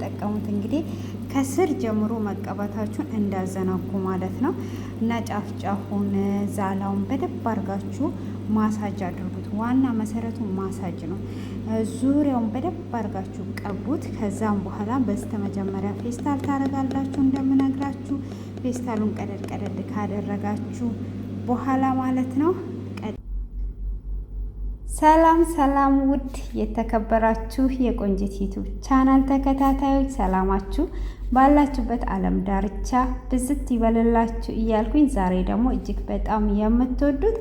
የምትጠቀሙት እንግዲህ ከስር ጀምሮ መቀባታችሁን እንዳዘናጉ ማለት ነው እና ጫፍ ጫፉን ዛላውን በደብ አድርጋችሁ ማሳጅ አድርጉት። ዋና መሰረቱ ማሳጅ ነው። ዙሪያውን በደብ አድርጋችሁ ቀቡት። ከዛም በኋላ በስተ መጀመሪያ ፌስታል ታደርጋላችሁ እንደምነግራችሁ። ፌስታሉን ቀደድ ቀደድ ካደረጋችሁ በኋላ ማለት ነው ሰላም ሰላም ውድ የተከበራችሁ የቆንጂት ዩቱብ ቻናል ተከታታዮች ሰላማችሁ ባላችሁበት ዓለም ዳርቻ ብዝት ይበልላችሁ እያልኩኝ ዛሬ ደግሞ እጅግ በጣም የምትወዱት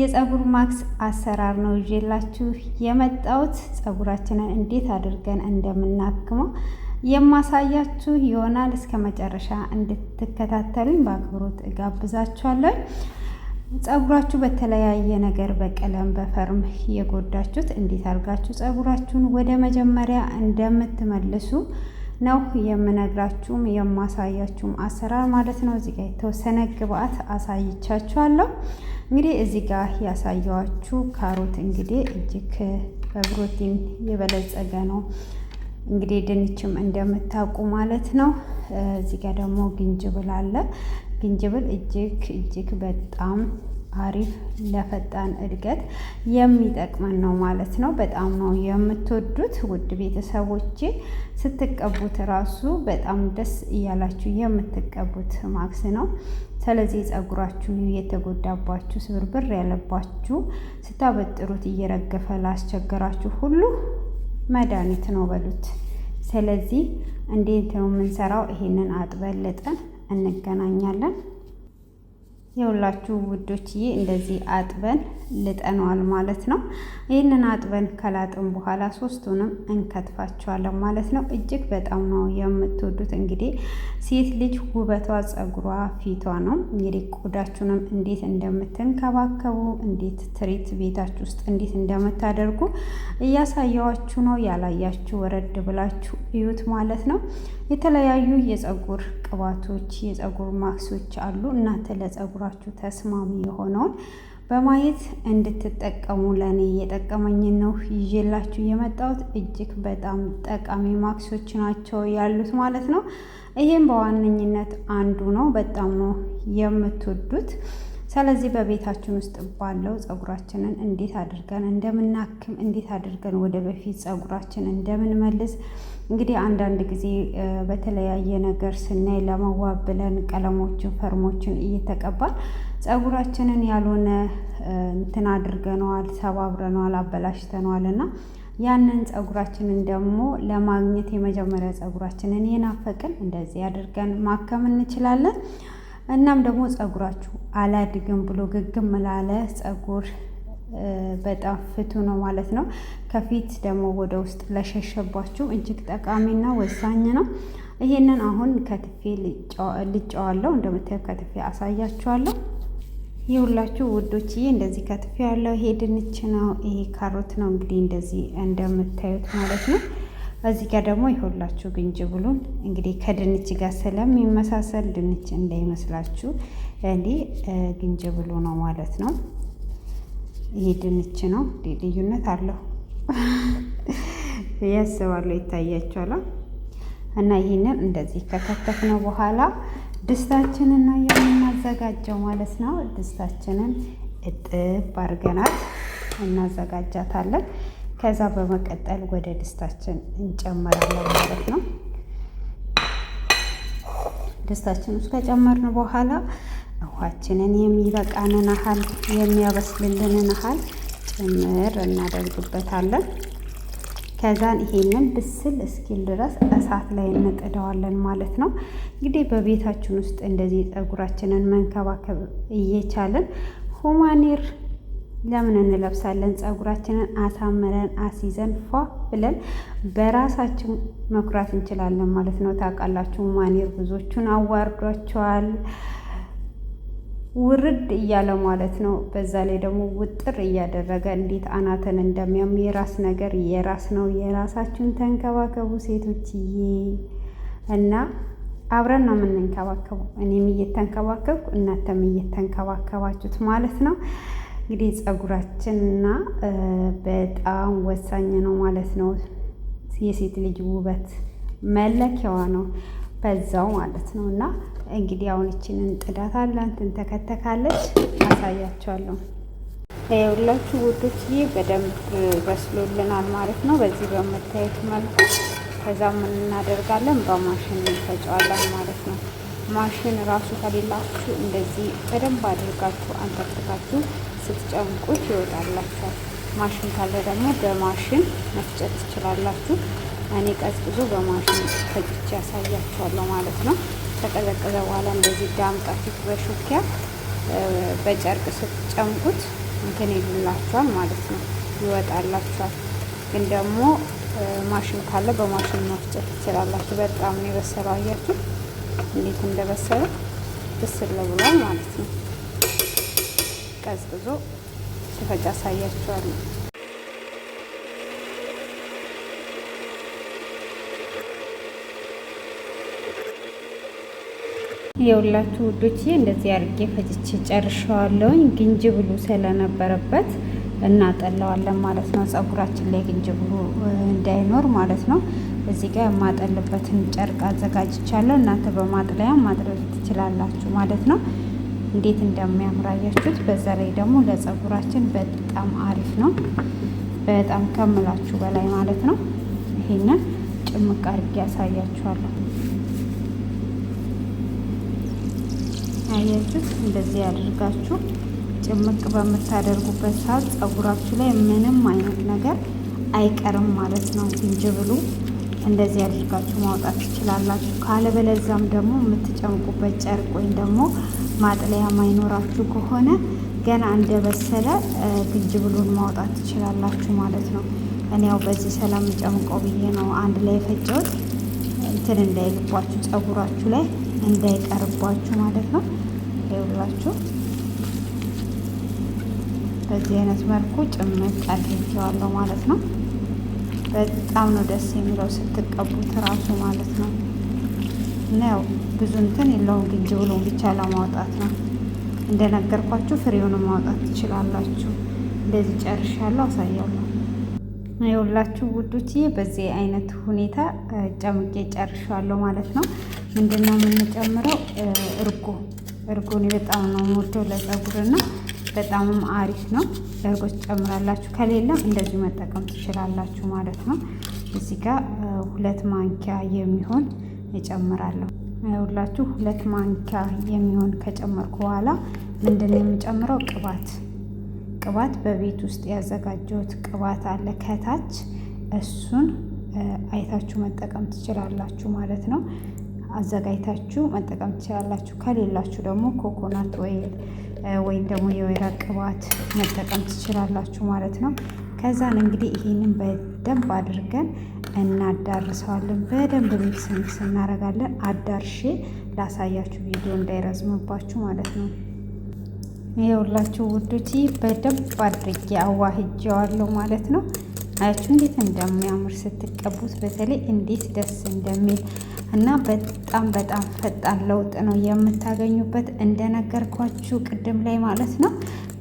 የፀጉር ማክስ አሰራር ነው ይዤላችሁ የመጣሁት። ፀጉራችንን እንዴት አድርገን እንደምናክመው የማሳያችሁ ይሆናል። እስከ መጨረሻ እንድትከታተሉኝ በአክብሮት እጋብዛችኋለሁ። ጸጉራችሁ በተለያየ ነገር በቀለም በፈርም የጎዳችሁት እንዴት አድርጋችሁ ጸጉራችሁን ወደ መጀመሪያ እንደምትመልሱ ነው የምነግራችሁም የማሳያችሁም አሰራር ማለት ነው። እዚህ ጋር የተወሰነ ግብአት አሳይቻችኋለሁ። እንግዲህ እዚህ ጋር ያሳየኋችሁ ካሮት እንግዲህ እጅግ በፕሮቲን የበለጸገ ነው። እንግዲህ ድንችም እንደምታውቁ ማለት ነው። እዚህ ጋር ደግሞ ግንጅብል አለ። ዝንጅብል እጅግ እጅግ በጣም አሪፍ ለፈጣን እድገት የሚጠቅመን ነው ማለት ነው። በጣም ነው የምትወዱት ውድ ቤተሰቦቼ። ስትቀቡት ራሱ በጣም ደስ እያላችሁ የምትቀቡት ማክስ ነው። ስለዚህ ጸጉራችሁ የተጎዳባችሁ፣ ስብርብር ያለባችሁ፣ ስታበጥሩት እየረገፈ ላስቸገራችሁ ሁሉ መድኃኒት ነው በሉት። ስለዚህ እንዴት ነው የምንሰራው? ይሄንን አጥበልጠን እንገናኛለን። የሁላችሁ ውዶችዬ እንደዚህ አጥበን ልጠነዋል ማለት ነው። ይህንን አጥበን ከላጥን በኋላ ሶስቱንም እንከትፋቸዋለን ማለት ነው። እጅግ በጣም ነው የምትወዱት። እንግዲህ ሴት ልጅ ውበቷ ጸጉሯ፣ ፊቷ ነው። እንግዲህ ቆዳችሁንም እንዴት እንደምትንከባከቡ እንዴት ትሪት ቤታችሁ ውስጥ እንዴት እንደምታደርጉ እያሳያችሁ ነው። ያላያችሁ ወረድ ብላችሁ እዩት ማለት ነው። የተለያዩ የጸጉር ቅባቶች፣ የጸጉር ማክሶች አሉ እናንተ ለጸጉር አብራችሁ ተስማሚ የሆነውን በማየት እንድትጠቀሙ ለእኔ እየጠቀመኝን ነው ይዤላችሁ የመጣሁት። እጅግ በጣም ጠቃሚ ማክሶች ናቸው ያሉት ማለት ነው። ይህም በዋነኝነት አንዱ ነው። በጣም ነው የምትወዱት። ስለዚህ በቤታችን ውስጥ ባለው ፀጉራችንን እንዴት አድርገን እንደምናክም እንዴት አድርገን ወደ በፊት ፀጉራችን እንደምንመልስ እንግዲህ አንዳንድ ጊዜ በተለያየ ነገር ስናይ ለመዋብ ብለን ቀለሞችን ፈርሞችን እየተቀባል ፀጉራችንን ያልሆነ እንትን አድርገነዋል፣ ሰባብረነዋል፣ አበላሽተነዋል እና ያንን ፀጉራችንን ደግሞ ለማግኘት የመጀመሪያ ጸጉራችንን የናፈቅን እንደዚህ አድርገን ማከም እንችላለን። እናም ደግሞ ፀጉራችሁ አላድግም ብሎ ግግም ላለ ፀጉር በጣም ፍቱ ነው ማለት ነው። ከፊት ደግሞ ወደ ውስጥ ለሸሸባችሁ እጅግ ጠቃሚና ወሳኝ ነው። ይሄንን አሁን ከትፌ ልጨዋለሁ። እንደምታየው ከትፌ አሳያችኋለሁ። ይህ ሁላችሁ ውዶችዬ እንደዚህ ከትፌ ያለው ይሄ ድንች ነው። ይሄ ካሮት ነው። እንግዲህ እንደዚህ እንደምታዩት ማለት ነው። እዚህ ጋር ደግሞ ይሁላችሁ ብሉን እንግዲህ ከድንች ጋር ስለሚመሳሰል ድንች እንዳይመስላችሁ እንዲህ ብሉ ነው ማለት ነው። ይሄ ድንች ነው። ልዩነት አለው ያስባሉ ይታያችኋል። እና ይህንን እንደዚህ ከከተፍነው ነው በኋላ ድስታችንን ነው የምናዘጋጀው ማለት ነው። ድስታችንን እጥብ አድርገናት እናዘጋጃታለን። ከዛ በመቀጠል ወደ ድስታችን እንጨምራለን ማለት ነው። ድስታችን ውስጥ ከጨመርን በኋላ ውሃችንን የሚበቃንን ያህል የሚያበስልልንን ያህል ጭምር እናደርግበታለን። ከዛን ይሄንን ብስል እስኪል ድረስ እሳት ላይ እንጥደዋለን ማለት ነው። እንግዲህ በቤታችን ውስጥ እንደዚህ ፀጉራችንን መንከባከብ እየቻለን ሁማኔር ለምን እንለብሳለን? ጸጉራችንን አሳምረን አስይዘን ፏ ብለን በራሳችን መኩራት እንችላለን ማለት ነው። ታውቃላችሁ፣ ማን ብዙዎቹን አዋርዷቸዋል ውርድ እያለ ማለት ነው። በዛ ላይ ደግሞ ውጥር እያደረገ እንዴት አናተን እንደሚያም የራስ ነገር የራስ ነው። የራሳችሁን ተንከባከቡ ሴቶችዬ፣ እና አብረን ነው የምንንከባከቡ። እኔም እየተንከባከብኩ እናንተም እየተንከባከባችሁት ማለት ነው። እንግዲህ ፀጉራችንና በጣም ወሳኝ ነው ማለት ነው። የሴት ልጅ ውበት መለኪያዋ ነው በዛው ማለት ነው። እና እንግዲህ አሁን ይችንን ጥዳት አለ እንትን ተከተካለች አሳያቸዋለሁ። ሁላችሁ ውዶች ይህ በደንብ በስሎልናል ማለት ነው። በዚህ በምታዩት መልኩ ከዛ ምን እናደርጋለን? በማሽን እንፈጨዋለን ማለት ነው። ማሽን ራሱ ከሌላችሁ እንደዚህ በደንብ አድርጋችሁ አንተርትታችሁ ስትጨምቁት ይወጣላችኋል። ማሽን ካለ ደግሞ በማሽን መፍጨት ትችላላችሁ። እኔ ቀዝቅዞ በማሽን ፈጭቼ ያሳያችኋለሁ ማለት ነው። ከቀዘቀዘ በኋላ እንደዚህ ዳምጣችሁ በሹኪያ በጨርቅ ስትጨምቁት እንትን ይሉላችኋል ማለት ነው፣ ይወጣላችኋል። ግን ደግሞ ማሽን ካለ በማሽን መፍጨት ትችላላችሁ። በጣም ነው የበሰለው አያችሁ። እንዴት እንደበሰለ ብስል ብሏል ማለት ነው። ቀዝቅዞ ሲፈጭ አሳያችኋለሁ። የሁላችሁ ውዶች እንደዚህ አድርጌ ፈጭቼ ጨርሸዋለሁኝ። ግንጅብሉ ስለነበረበት እናጠለዋለን ማለት ነው። ጸጉራችን ላይ ግንጅብሉ እንዳይኖር ማለት ነው። እዚህ ጋር የማጠልበትን ጨርቅ አዘጋጅቻለሁ። እናንተ በማጥለያ ማጥለል ትችላላችሁ ማለት ነው። እንዴት እንደሚያምራያችሁት በዛ ላይ ደግሞ ለጸጉራችን በጣም አሪፍ ነው። በጣም ከምላችሁ በላይ ማለት ነው። ይሄንን ጭምቅ አድርጌ ያሳያችኋለሁ። አያችሁት? እንደዚህ ያደርጋችሁ ጭምቅ በምታደርጉበት ሰዓት ጸጉራችሁ ላይ ምንም አይነት ነገር አይቀርም ማለት ነው። ዝንጅብሉ እንደዚህ አድርጋችሁ ማውጣት ትችላላችሁ። ካለበለዛም ደግሞ የምትጨምቁበት ጨርቅ ወይም ደግሞ ማጥለያ ማይኖራችሁ ከሆነ ገና እንደበሰለ ግጅ ብሉን ማውጣት ትችላላችሁ ማለት ነው። እኔ ያው በዚህ ሰላም ጨምቀው ብዬ ነው አንድ ላይ የፈጨሁት። እንትን እንዳይግባችሁ ጸጉራችሁ ላይ እንዳይቀርባችሁ ማለት ነው። ይኸውላችሁ በዚህ አይነት መልኩ ጭምቅ አድርጌዋለሁ ማለት ነው። በጣም ነው ደስ የሚለው ስትቀቡት ራሱ ማለት ነው። እና ያው ብዙ እንትን የለውም ግንጅ ብሎ ብቻ ለማውጣት ነው። እንደነገርኳችሁ ፍሬውን ማውጣት ትችላላችሁ። እንደዚህ ጨርሻለሁ፣ አሳያለሁ የሁላችሁ ውዶችዬ በዚህ አይነት ሁኔታ ጨምቄ ጨርሻለሁ ማለት ነው። ምንድነው የምንጨምረው? እርጎ እርጎ እኔ በጣም ነው የምወደው ለጸጉርና በጣምም አሪፍ ነው። እርጎ ትጨምራላችሁ፣ ከሌለም እንደዚሁ መጠቀም ትችላላችሁ ማለት ነው። እዚህ ጋር ሁለት ማንኪያ የሚሆን እጨምራለሁ። ሁላችሁ ሁለት ማንኪያ የሚሆን ከጨመርኩ በኋላ ምንድን ነው የምጨምረው? ቅባት ቅባት በቤት ውስጥ ያዘጋጀሁት ቅባት አለ ከታች እሱን አይታችሁ መጠቀም ትችላላችሁ ማለት ነው። አዘጋጅታችሁ መጠቀም ትችላላችሁ። ከሌላችሁ ደግሞ ኮኮናት ኦይል ወይም ደግሞ የወይራ ቅባት መጠቀም ትችላላችሁ ማለት ነው። ከዛን እንግዲህ ይህንን በደንብ አድርገን እናዳርሰዋለን። በደንብ ሚክስ ሚክስ እናደርጋለን። አዳርሼ ላሳያችሁ ቪዲዮ እንዳይረዝምባችሁ ማለት ነው። የሁላችሁ ውዱቲ በደንብ አድርጌ አዋህጄዋለሁ ማለት ነው። አያችሁ እንዴት እንደሚያምር ስትቀቡት፣ በተለይ እንዴት ደስ እንደሚል እና በጣም በጣም ፈጣን ለውጥ ነው የምታገኙበት እንደነገርኳችሁ ቅድም ላይ ማለት ነው።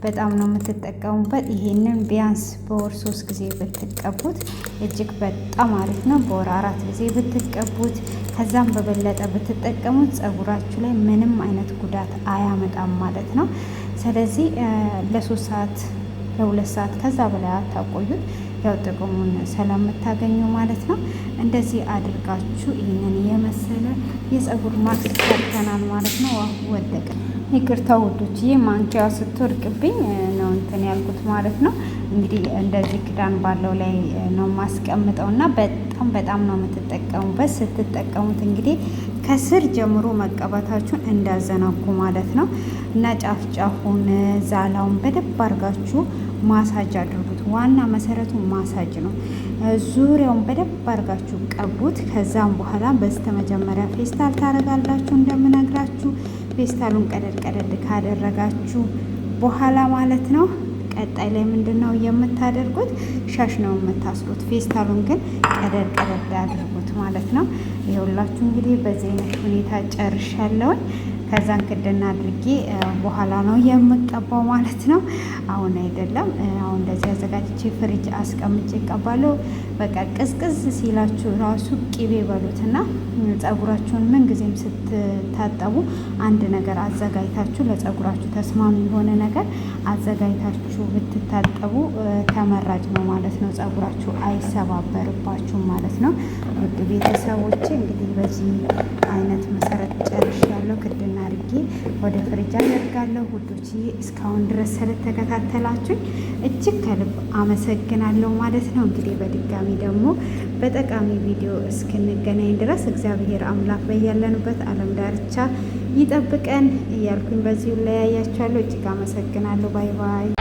በጣም ነው የምትጠቀሙበት። ይሄንን ቢያንስ በወር ሶስት ጊዜ ብትቀቡት እጅግ በጣም አሪፍ ነው። በወር አራት ጊዜ ብትቀቡት ከዛም በበለጠ ብትጠቀሙት ጸጉራችሁ ላይ ምንም አይነት ጉዳት አያመጣም ማለት ነው። ስለዚህ ለሶስት ሰዓት ለሁለት ሰዓት ከዛ በላይ አታቆዩት። ያው ጥቅሙን ስለምታገኘው ማለት ነው። እንደዚህ አድርጋችሁ ይህንን የመሰለ የፀጉር ማስክ ሰርተናል ማለት ነው። ወደቀ ይቅርታ ውዶች፣ ይህ ማንኪያ ስትወድቅብኝ ነው እንትን ያልኩት ማለት ነው። እንግዲህ እንደዚህ ክዳን ባለው ላይ ነው ማስቀምጠው እና በጣም በጣም ነው የምትጠቀሙበት። ስትጠቀሙት እንግዲህ ከስር ጀምሮ መቀባታችሁን እንዳዘናጉ ማለት ነው። እና ጫፍ ጫፉን ዛላውን በደንብ አድርጋችሁ ማሳጅ አድርጉት። ዋና መሰረቱ ማሳጅ ነው። ዙሪያውን በደንብ አድርጋችሁ ቀቡት። ከዛም በኋላ በስተመጀመሪያ ፌስታል ታደርጋላችሁ እንደምነግራችሁ። ፌስታሉን ቀደድ ቀደድ ካደረጋችሁ በኋላ ማለት ነው ቀጣይ ላይ ምንድን ነው የምታደርጉት? ሻሽ ነው የምታስሩት። ፌስታሉን ግን ቀደድ ቀደድ አድርጉት ማለት ነው። ይኸውላችሁ እንግዲህ በዚህ አይነት ሁኔታ ጨርሻለሁኝ። ከዛን ክድና አድርጌ በኋላ ነው የምቀባው ማለት ነው። አሁን አይደለም። አሁን እንደዚህ አዘጋጅቼ ፍሪጅ አስቀምጬ ይቀባለሁ። በቃ ቅዝቅዝ ሲላችሁ ራሱ ቂቤ በሉትና ጸጉራችሁን ምን ጊዜም ስትታጠቡ አንድ ነገር አዘጋጅታችሁ ለጸጉራችሁ ተስማሚ የሆነ ነገር አዘጋጅታችሁ ብትታጠቡ ተመራጭ ነው ማለት ነው። ጸጉራችሁ አይሰባበርባችሁም ማለት ነው። ውድ ቤተሰቦቼ እንግዲህ በዚህ አይነት መሰረት ጨርሻ አደርጋለሁ። ክድና አድርጌ ወደ ፍሪጅ አደርጋለሁ። ውዶች እስካሁን ድረስ ስለተከታተላችሁኝ እጅግ ከልብ አመሰግናለሁ ማለት ነው። እንግዲህ በድጋሚ ደግሞ በጠቃሚ ቪዲዮ እስክንገናኝ ድረስ እግዚአብሔር አምላክ በያለንበት ዓለም ዳርቻ ይጠብቀን እያልኩኝ በዚሁ ለያያችኋለሁ። እጅግ አመሰግናለሁ። ባይ ባይ።